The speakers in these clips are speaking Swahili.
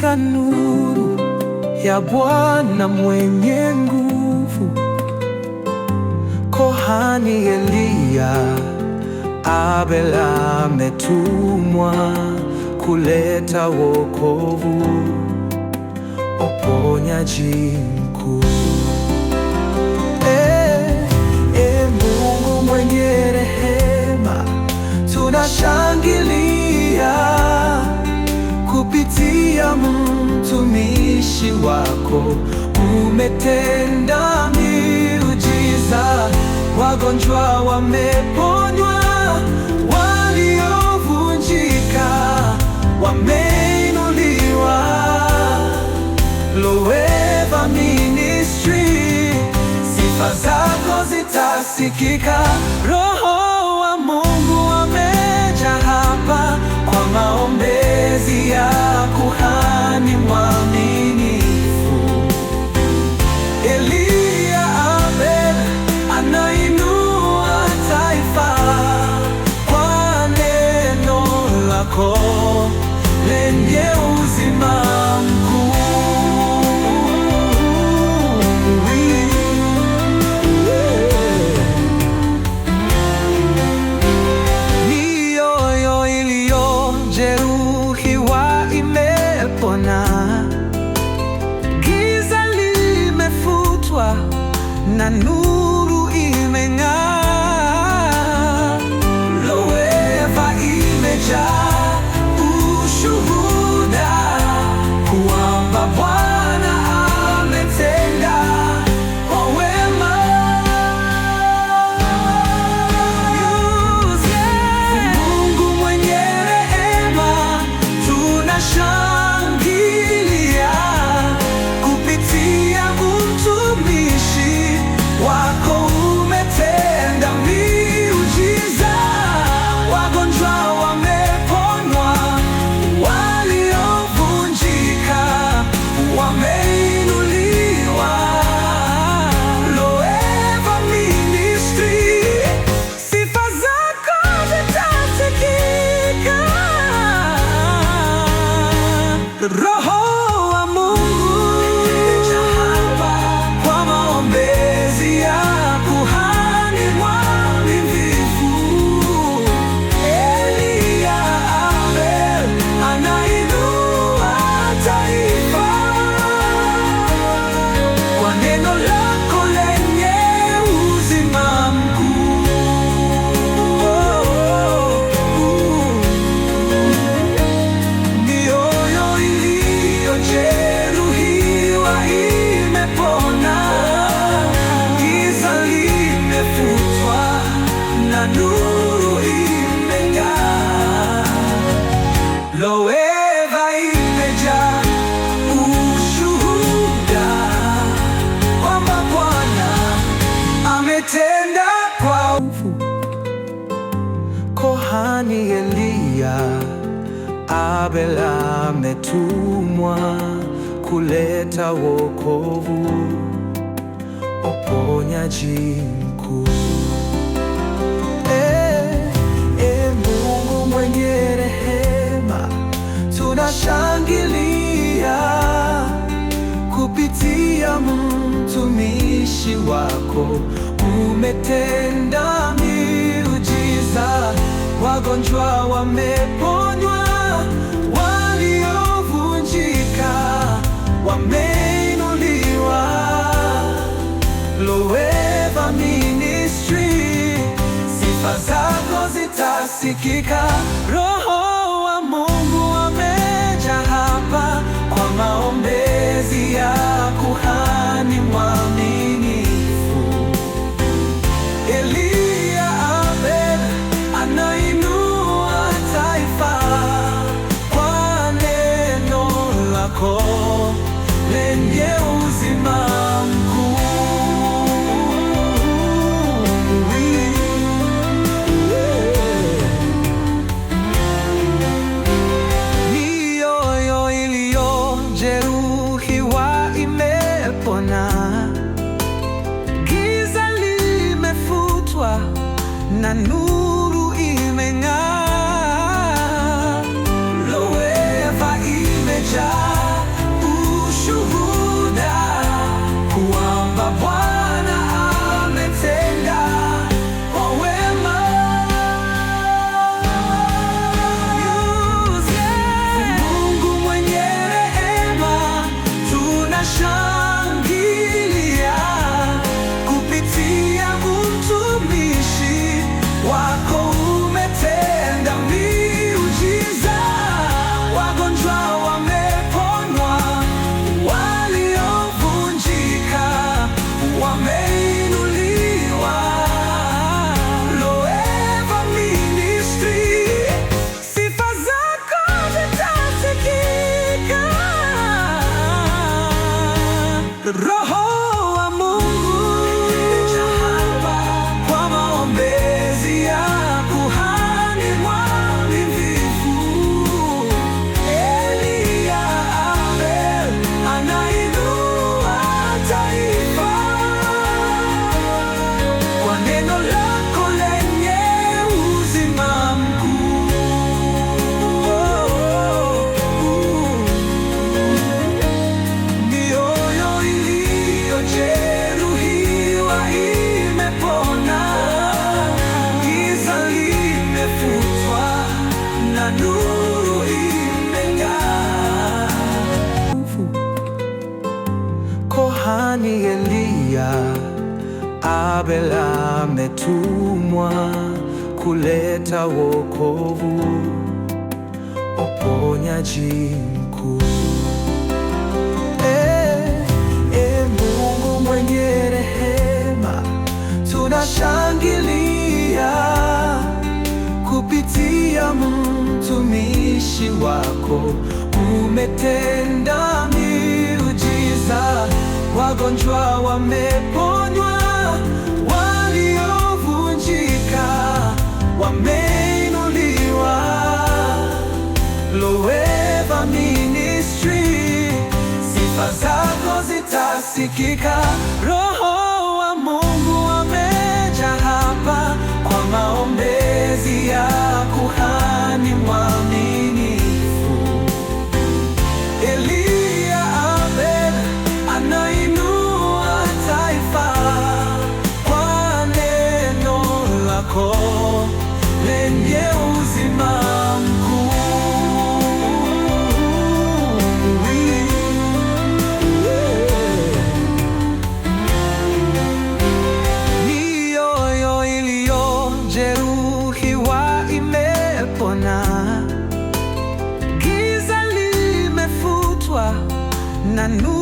katika nuru ya Bwana mwenye nguvu. Kohani Eliya Abel ametumwa kuleta wokovu, uponyaji mkuu. Hey, ee, hey, ee, Mungu mwenye rehema tunashangilia kupitia mtumishi wako umetenda miujiza, wagonjwa wameponywa, waliovunjika wameinuliwa. Loeva Ministry, sifa zako zitasikika roho na nuru imeng'aa, Loweva imejaa रहो Mheshimiwa kuleta wokovu, uponyaji mkuu. Hey, ee, hey, ee, Mungu mwenye rehema, tunashangilia kupitia mtumishi wako, umetenda miujiza, wagonjwa wameponywa kusikika. Roho wa Mungu amejaa hapa kwa maombezi ya kuhani mwaminifu Eliya Abel, anainua taifa kwa neno lako lenye uzima mkuu. I knew Haleluya! Abel ametumwa kuleta wokovu, uponyaji mkuu. E, eh, e, eh, Mungu mwenye rehema, tunashangilia kupitia mtumishi wako, umetenda wagonjwa wameponywa, waliovunjika wameinuliwa. Loeva Ministry, sifa zako zitasikika. I knew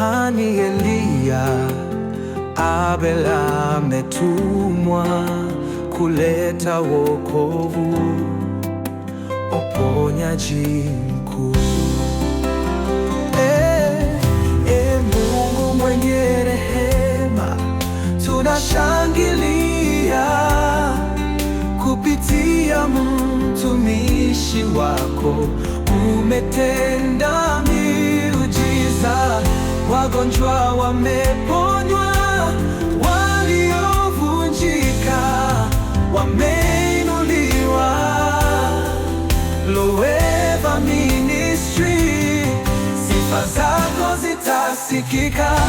Kuhani Eliya, Abel ametumwa kuleta wokovu, uponyaji mkuu. Hey, ee, hey, ee, Mungu mwenye rehema, tunashangilia kupitia mtumishi wako, umetenda miujiza wagonjwa wameponywa, waliovunjika wameinuliwa. Loeva Ministry, sifa zako zitasikika.